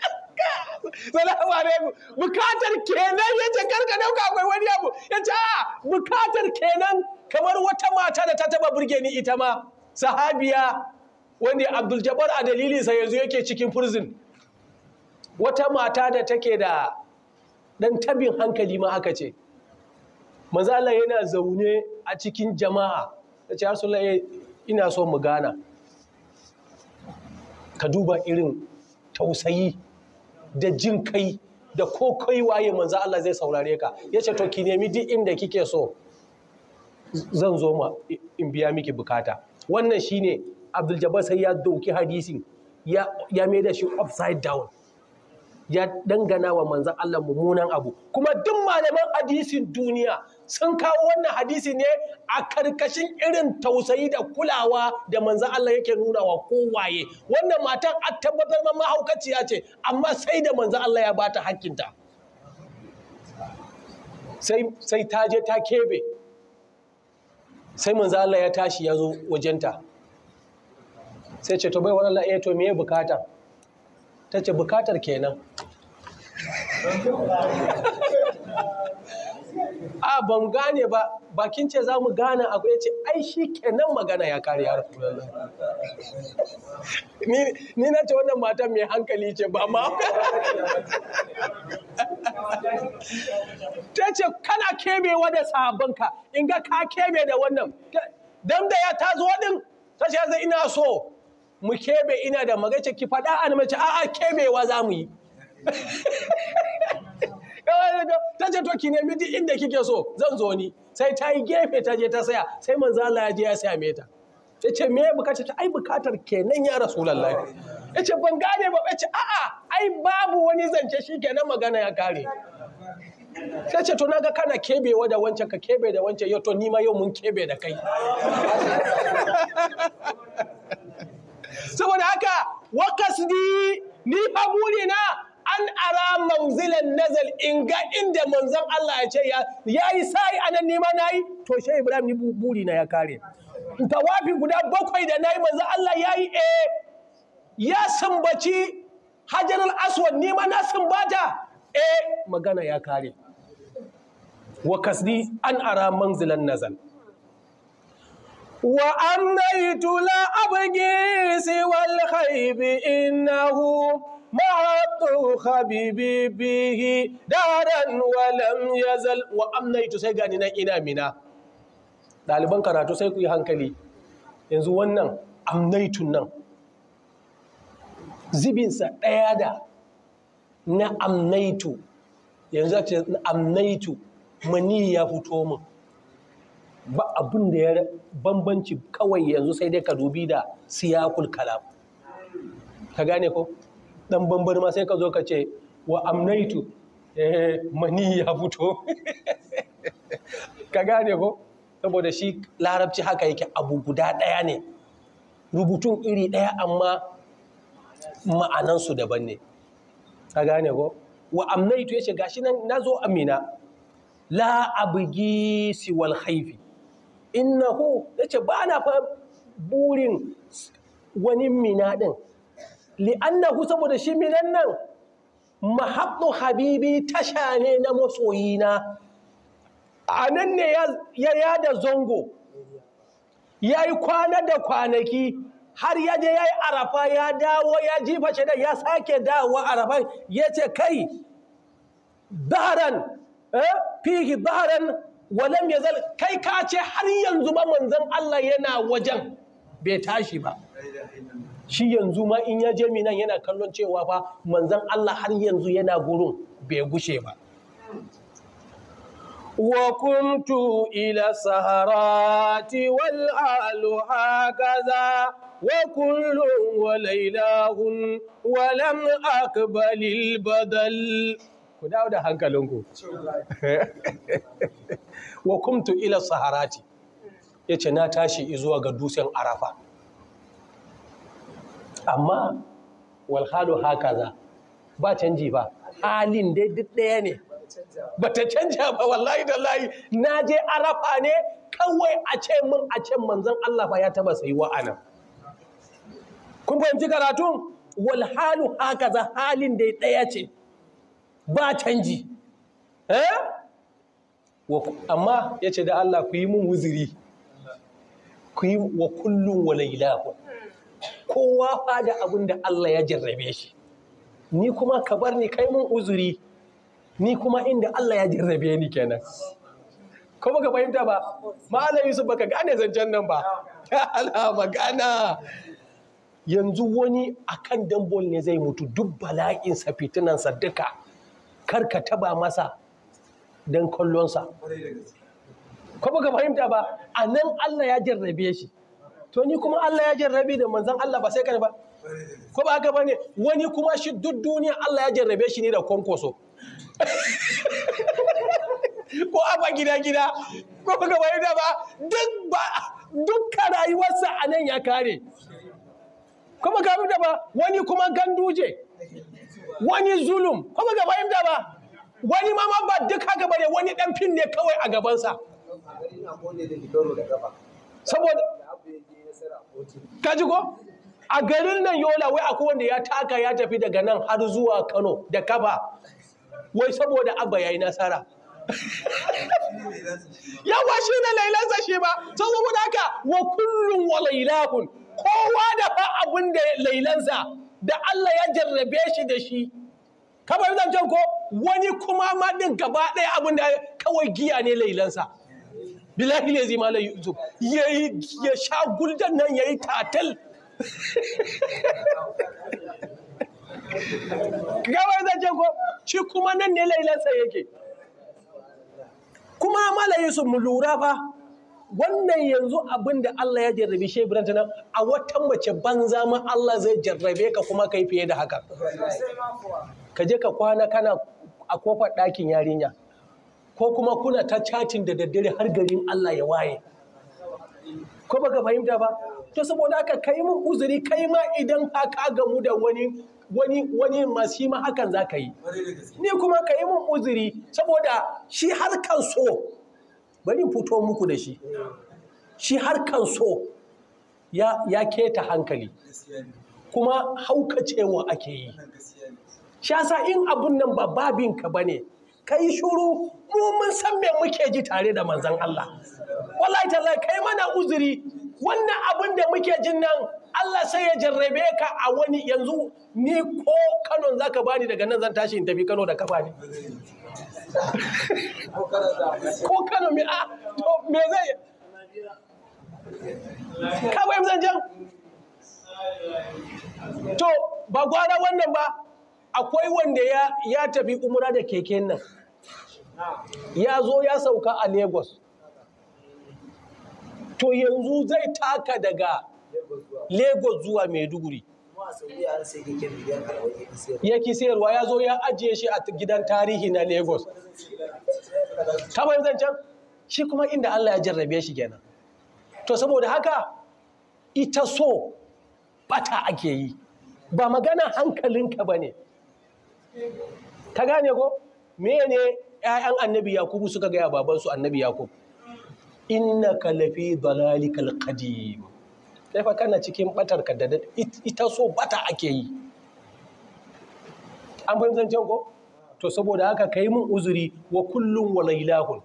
salamu alaikum bukatar kenan ya ce karka dauka akwai wani abu ya ce a ah, bukatar kenan kamar wata mata da ta taba burge ni ita ma sahabiya wanda Abdul Jabbar a dalilinsa yanzu yake cikin prison wata mata da take da dan tabin hankali ma aka ce manzo Allah yana zaune a cikin jama'a ce Rasulullahi eh, ina so mu gana ka duba irin tausayi da jin kai da ko kai waye manzo Allah zai saurare ka yace to ki nemi duk inda kike so zan zo ma in biya miki bukata wannan shine abdul jabbar sai ya doki hadisin ya ya mai da shi upside down ya dangana wa manzan Allah mummunan abu kuma duk malaman hadisin duniya sun kawo wannan hadisi ne a karkashin irin tausayi da kulawa da manzan Allah yake nuna wa kowaye wannan matan a tabbatar ma mahaukaciya ce amma sai da manzan Allah ya bata hakkinta sai sai ta je ta kebe sai manzan Allah ya tashi ya zo wajenta sai ce to bai wani la'ayi eh, to me bukata ta ce bukatar kenan a ban gane ba bakin ce za mu gane a ya ce ai shi kenan magana ya kare ya rasu ni na ce wannan matan mai hankali ce ba ma ta ce kana keme da sahabbanka in ga ka keme da wannan don da ya ta zo din ta ce ina so mu kebe ina da magace ki faɗa a mace a'a kebewa za mu yi ta ce to ki nemi duk inda kike so zan zo ni sai ta yi gefe ta je ta saya sai manzo Allah ya je ya saya meta ta ce me bukata ta ai bukatar kenan ya rasulullahi ya ce ban gane ba ya ce a'a ai babu wani zance shi kenan magana ya kare ta ce to naga kana kebewa da wancan ka kebe da wancan yau to ni yau mun kebe da kai saboda haka wakasdi ni fa burina an ara manzilan nazal in ga inda manzon Allah ya ce ya yi sai anan nima nayi to shi Ibrahim ni burina ya kare tawafi guda bakwai da nayi manzon Allah ya eh ya sambaci hajarul aswad nima na sambata eh magana ya kare wakasdi an ara manzilan nazal وأمنيت لا أبجيس والخيب إنه ma'atu habibi bihi دارا ولم يزل wa amnaitu sai gani na ina mina ɗaliban karatu sai ku yi hankali yanzu wannan amnaitun nan zibinsa ɗaya da na amnaitu yanzu ce amnaitu mani ya fito min. ba abin da ya bambanci kawai yanzu sai dai ka dubi da siyakul kalam ka gane ko dan bambar ma sai ka zo ka ce wa amnaitu eh mani ya fito ka gane ko saboda shi larabci haka yake abu guda ɗaya ne rubutun iri ɗaya amma ma'anansu daban ne ka gane ko wa amnaitu ya ce gashi nan na zo amina la abgi siwal haifi innahu ce ba na fa burin wani mina ɗin li'annahu saboda shi minan nan mahabbu habibi tasha ne na matsoyina a nan ne ya yada zango ya yi kwana da kwanaki har ya je ya yi arafa ya dawo ya jifa shi da ya sake dawo arafa ya ce kai baharan eh, fihi baharan walam ya zal kai ka ce har yanzu ba manzon Allah yana wajen bai tashi ba shi yanzu ma in ya je minan yana kallon cewa fa manzon Allah har yanzu yana gurin bai gushe ba wa kuntu ila saharati wal alu hakaza wa kullun wa lailahun wa lam akbalil badal ku dawo da hankalinku wa kumtu ila saharati ya ce na tashi zuwa ga dutsen arafa amma walhalu haka za ba canji ba halin dai duk ɗaya ne ba ta canja ba wallahi da layi na je arafa ne kawai a ce min a ce manzon Allah ba ya taba sai wa anan kun fahimci karatun walhalu haka za halin da ɗaya ce ba canji eh amma ya ce da Allah ku yi mun wuziri ku yi wa kullum wa lailahu kowa fa da abin da Allah ya jarrabe shi ni kuma ka bar ni kai mun uzuri ni kuma inda Allah ya jarrabe ni kenan ko baka fahimta ba malam Yusuf baka gane zancen nan ba Allah magana yanzu wani akan dambol ne zai mutu duk bala'insa fitinansa duka kar ka taba masa don kallonsa ko ka fahimta ba a nan Allah ya jarrabe shi to ni kuma Allah ya jarrabe da manzan Allah ba sai ne ba ko ba haka bane wani kuma shi duk duniya Allah ya jarrabe shi ne da kwankwaso ko aba gida gida ko ka fahimta ba duk ba ka rayuwarsa a nan ya kare ba ka fahimta ba wani kuma ganduje wani zulum ba ka fahimta ba wani ma ba duk haka bane wani dan fin ne kawai a gabansa saboda kaji ko a garin nan yola wai akwai wanda ya taka ya tafi daga nan har zuwa kano da kafa wai saboda abba ya yi nasara yawa shi ne lailansa shi ba ta saboda haka wa kullum wa lailahun kowa da fa abin da lailansa da Allah ya jarrabe shi da shi ka bai zancen ko wani kuma ma din gaba ɗaya abin da kawai giya ne lailansa bilahi ne zima lai yusuf ya sha guldan nan ya yi tatal gawar zance ko shi kuma nan ne lailansa yake kuma mala yusuf mu lura ba? wannan yanzu abin da Allah ya jarrabe shi biranta nan a wata mace banza ma Allah zai jarrabe ka kuma kai fiye da haka ka je ka kwana kana a kofar ɗakin yarinya ko kuma kuna ta cacin da daddare har garin Allah ya waye ko baka fahimta ba to saboda haka kai mun uzuri kai ma idan ka mu da wani wani wani masu ma hakan za ka yi ni kuma ka yi mun uzuri saboda shi harkan so bari fito muku da shi shi harkan so ya, ya keta hankali kuma haukacewa ake yi shi yasa in abun nan ba babinka ba ne ka yi shuru mu mun san me muke ji tare da manzan Allah wallahi tallahi kai mana uzuri wannan abun da muke jin nan Allah sai ya jarrabe ka a wani yanzu ni ko Kano zaka bani daga nan zan tashi in tafi Kano da kafa ne ko Kano me a ah, to me zai kawai zan jan to ba gwara wannan ba akwai wanda ya tafi umura da keken nan ya zo ya sauka a lagos to yanzu zai taka daga lagos zuwa maiduguri ya ki sayarwa ya zo ya ajiye shi a gidan tarihi na lagos kamar can shi kuma inda allah ya jarrabe shi kenan to saboda haka ita so bata ake yi ba magana hankalinka ba ne ka gane ko mene ƴaƴan annabi yakubu suka gaya babansu annabi yakub inna kalafi dalalikal qadim sai fa kana cikin batar ka ita so bata ake yi an fahimtar zancen ko to saboda haka ka yi mun uzuri wa kullum wa lailahun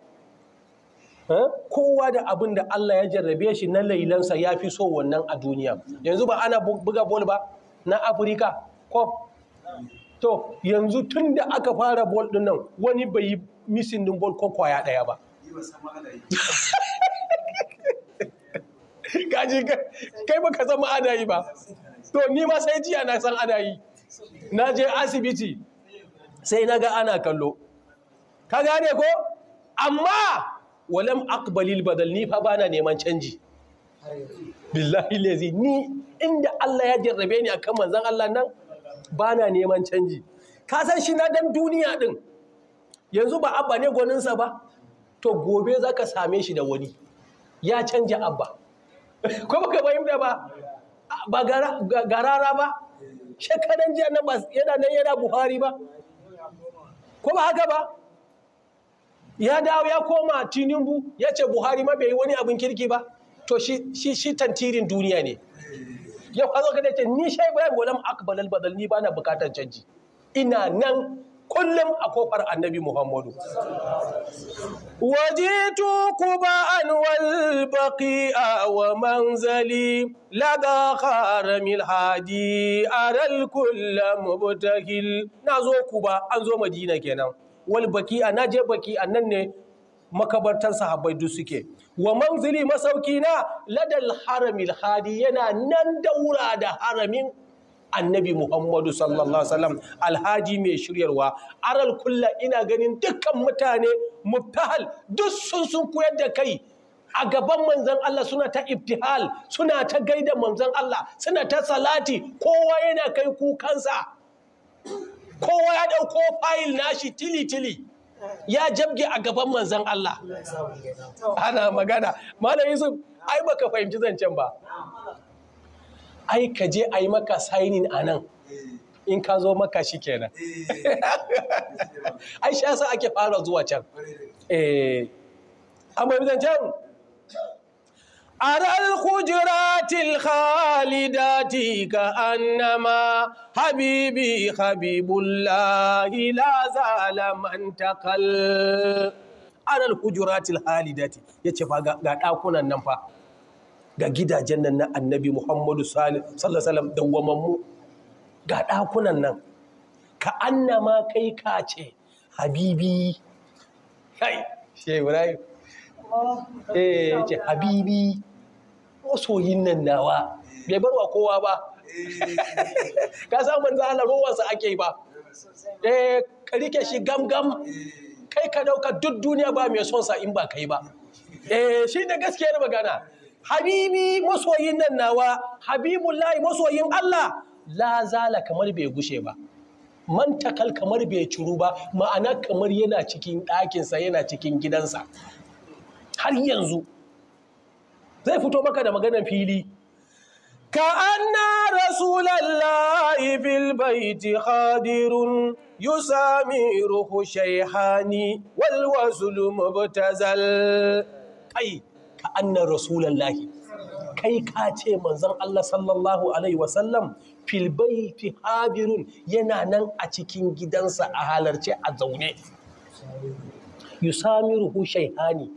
kowa da abin da Allah ya jarrabe shi na lailansa ya fi so wannan a duniya yanzu ba ana buga bol ba na afirka ko to yanzu tun da aka fara bol din nan wani bai yi misin din bol ko kwaya daya ba gaji kai baka san ma'adayi adayi ba to ni ma sai jiya na san adayi na je asibiti sai na ga ana kallo ka gane ko amma walam aqbalil badal ni fa bana neman canji billahi lazi ni inda Allah ya jarrabe ni akan manzon Allah nan ba na neman canji ka san shi na dan duniya ɗin yanzu ba abba ne gwaninsa ba to gobe za ka same shi da wani ya canja abba ko baka fahimta ba ba garara ba shekaran jiya na yana nan yana buhari ba ko ba haka ba ya dawo ya koma tinubu ya ce buhari ma bai yi wani abin kirki ba to shi tantirin duniya ne yau ka ka ce ni shai bayan walam akbalal badal ni bana bukatar canji ina nan kullum a kofar annabi muhammadu Waje ku ba an wal a wa manzali laga haramil hadi aral na zo ku ba an zo madina kenan wal je naje a nan ne makabartar sahabbai duk suke wa manzili masauki na ladal haramil hadi yana nan daura da haramin annabi Muhammadu sallallahu Alaihi alhaji mai shiryarwa aral kulla ina ganin dukkan mutane muftahal duk sun sun koyar da kai a gaban manzan Allah suna ta ibtihal suna ta gaida manzan Allah suna ta salati kowa yana kai kukansa kowa ya ɗauko fayil nashi tili-tili ya jabge a gaban manzan Allah ana magana malam Yusuf ai baka fahimci zancen ba ai ka je a yi maka sainin a nan in ka zo maka shi kenan ai shi ake fara zuwa can eh yi zancen أرى الخجرات الخالدات كأنما حبيبي حبيب الله لا زال من تقل أرى الخجرات fa ga قد nan fa. ga gidajen nan na annabi Muhammadu sallallahu mu. ga ɗakunan nan ka annama kai ka ce habibi kai eh ce habibi masoyin nan nawa bai barwa kowa ba eh. ka san manzo Allah rowansa ake ba eh ka rike shi gamgam eh. kai ka dauka duk duniya ba mai son sa in ba kai ba eh shi ne gaskiyar magana habibi masoyin nan nawa habibullahi masoyin Allah la zala kamar bai gushe ba man takal kamar bai ciru ba ma'ana kamar yana cikin ɗakinsa yana cikin gidansa har yanzu zai fito maka da maganan fili ka anna rasulallahi fil baiti ruhu yusamiruhu shayhani wal waslu mubtazal kai ka anna rasulallahi kai ka ce manzon Allah sallallahu alaihi wasallam fil baiti hadirun yana nan a cikin gidansa a halarce a zaune yusamiruhu shayhani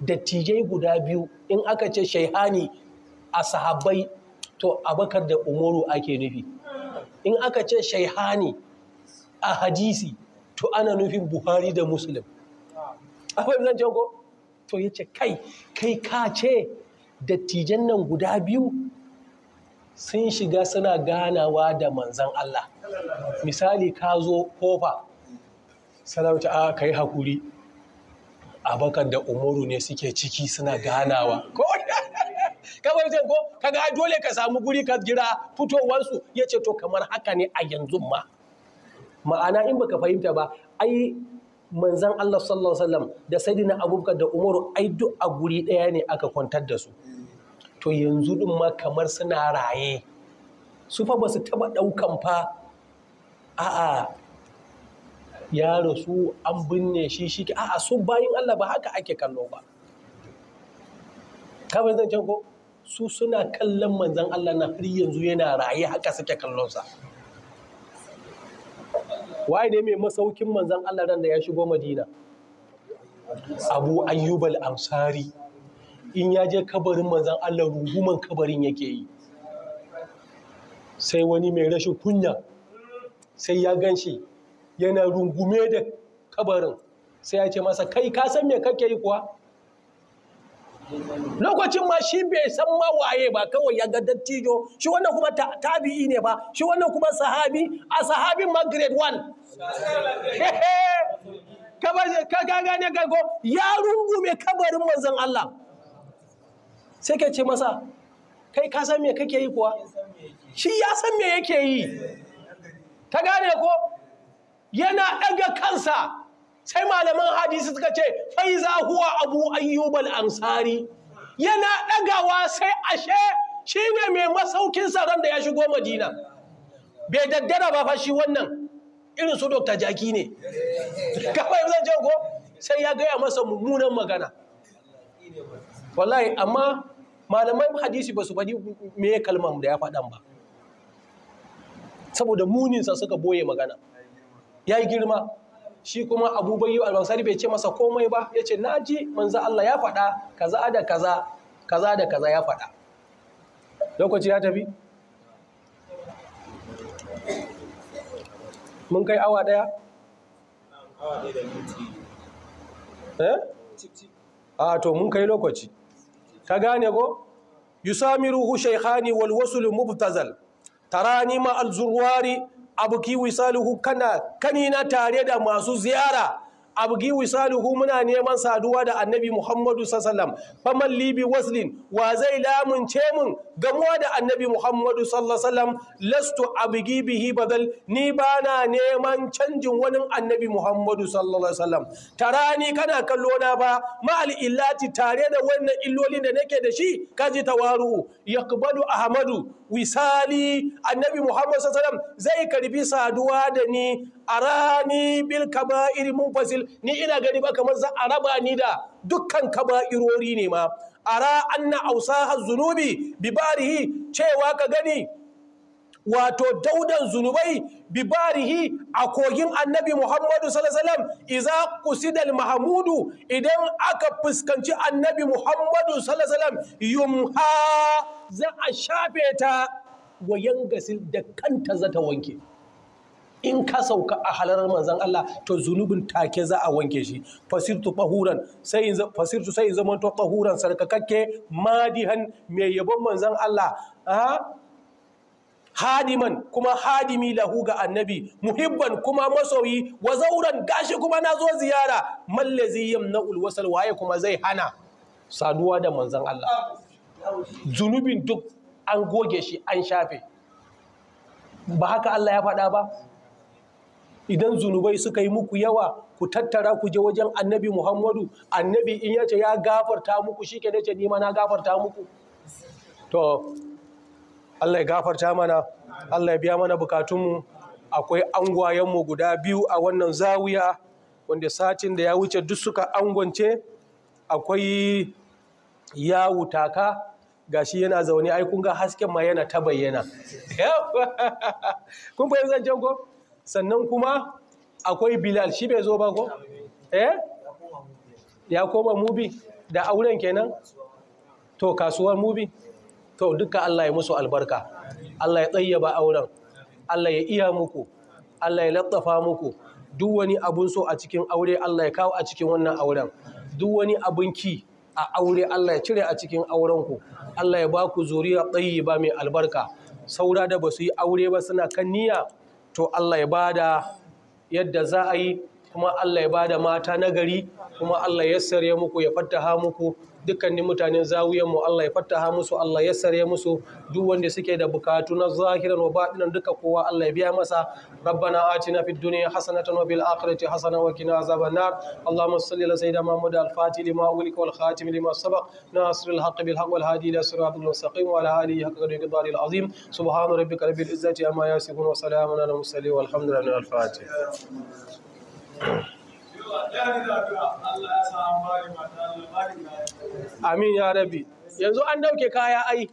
dattijai guda biyu in aka ce shaihani a sahabbai to abakar da umaru ake nufi in aka ce shaihani a hadisi to ana nufin buhari da musulun akwai zan ko to ya ce kai kai ka ce dattijan nan guda biyu sun shiga suna ganawa da manzan Allah misali ka zo kofa salauta a ah, kai hakuri abakar da umaru ne suke ciki suna ganawa Ko kamar jan ko kaga dole ka samu guri ka gira fitowarsu ya ce to kamar haka ne a yanzu ma ma'ana in baka fahimta ba ai manzan Allah sallallahu alaihi wasallam da sayyidina Abubakar da Umaru ai duk a guri ɗaya ne aka kwantar da su to yanzu din ma kamar suna raye su fa ba su taba daukan fa a'a ya rasu an binne shi shi a'a su bayin Allah ba haka ake kallo ba kamar zan can ko su suna kallon manzan Allah na har yanzu yana raye haka suke kallonsa waye ne mai masaukin manzan Allah ran da ya shigo Madina Abu ayyubal amsari. ansari in ya je kabarin manzan Allah ruguman kabarin yake yi sai wani mai rashin kunya sai ya ganshi. yana rungume da kabarin sai ya ce masa kai ka san me kake yi kuwa lokacin ma shi bai san ma waye ba kawai ya ga dattijo shi wannan kuma tabi'i ne ba shi wannan kuma sahabi a sahabin ma grade 1 ka gane gago ya rungume kabarin manzon Allah sai ka ce masa kai ka san me kake yi kuwa shi ya san me yake yi ta gane ko yana ɗaga kansa sai malaman hadisi suka ce faiza huwa abu ayyubal ansari yana ɗagawa sai ashe shi ne mai masaukin saran da ya shigo madina bai daddara ba fa shi wannan irin su dokta jaki ne kawai zan ce ko sai ya gaya masa mummunan magana wallahi amma malaman hadisi ba su faɗi me kalmar da ya faɗan ba saboda muninsa suka boye magana ya yi girma shi kuma abu bayyu albasari bai ce masa komai ba ya ce na ji manzo Allah ya faɗa kaza da kaza kaza da kaza ya faɗa lokaci ya tafi mun kai awa ɗaya eh a to mun kai lokaci ka gane ko yusamiruhu shaykhani wal wasl mubtazal tarani ma al zurwari abuki wisaluhu kana kanina tare da masu ziyara abgi wisaluhu muna neman saduwa da annabi muhammadu sallam faman libi waslin wa zai lamunce mun gamuwa da annabi muhammadu sallam lastu abgi bihi badal ni bana neman canjin wani annabi muhammadu sallam tarani kana kallo na ba ma illati tare da wannan illolin da nake da shi kaji tawaru yaqbalu ahmadu wisali annabi muhammadu sallam zai karbi saduwa da ni arani bil kaba'ir munfasil ni ina gani ba kamar za a raba ni da dukkan kaba'irori ne ma ara anna ausaha zunubi barihi cewa ka gani wato daudan zunubai bibarihi a kogin annabi muhammadu sallallahu iza kusidal Mahmudu? idan aka fuskanci annabi muhammadu sallallahu yumha za a shafe ta wayan gasil da kanta za ta wanke in ka sauka a halarar manzan Allah to zunubin take za a wanke shi fasirtu fahuran sai in fasirtu sai in zama to fahuran sarkakakke madihan mai yabon manzan Allah hadiman kuma hadimi lahu ga annabi muhibban kuma masoyi wa zauran gashi kuma na zo ziyara mallazi yamna'ul wasal waye kuma zai hana saduwa da manzan Allah zunubin duk an goge shi an shafe ba haka Allah ya faɗa ba idan zunubai suka yi muku yawa ku tattara ku je wajen annabi muhammadu annabi in yace ya gafarta muku shi ke ce nima na gafarta muku to allah ya gafarta mana allah ya biya mana bukatunmu akwai angwayenmu guda biyu a wannan zawiya wanda satin da ya wuce duk suka angwance akwai yawu taka gashi yana zaune ai kun ga hasken ma yana ta bayyana kun fahimci zancen ko sannan kuma akwai bilal shi bai zo ba ko eh ya koma mubi da auren kenan to kasuwar mubi to duka Allah ya musu albarka Allah ya tsayyaba auren Allah ya iya muku Allah ya lattafa muku duk wani abun so a cikin aure Allah ya kawo a cikin wannan auren duk wani abun ki a aure Allah ya cire a cikin aurenku Allah ya ba ku zuriya tsayi ba mai albarka saura da ba su yi aure ba suna kan niyya to Allah ya bada yadda za a yi kuma Allah ya bada mata nagari kuma Allah ya sare muku ya fattaha muku dukkanin mutanen zawiyan mu Allah ya fattaha musu Allah ya sare musu duk wanda suke da bukatu na zahiran wa batinan duka kowa Allah ya biya masa rabbana atina fid dunya hasanatan wa bil akhirati hasana wa qina azaban nar allahumma salli ala sayyidina muhammad al fatih lima ulika wal khatim lima sabaq nasr al haqq bil haqq wal hadi ila siratil mustaqim wa ala alihi haqqa qadri al azim subhana rabbika rabbil izzati amma yasifun wa salamun ala al mursalin walhamdulillahi al fatih Amin ya rabi. Yanzu an dauke kaya ai.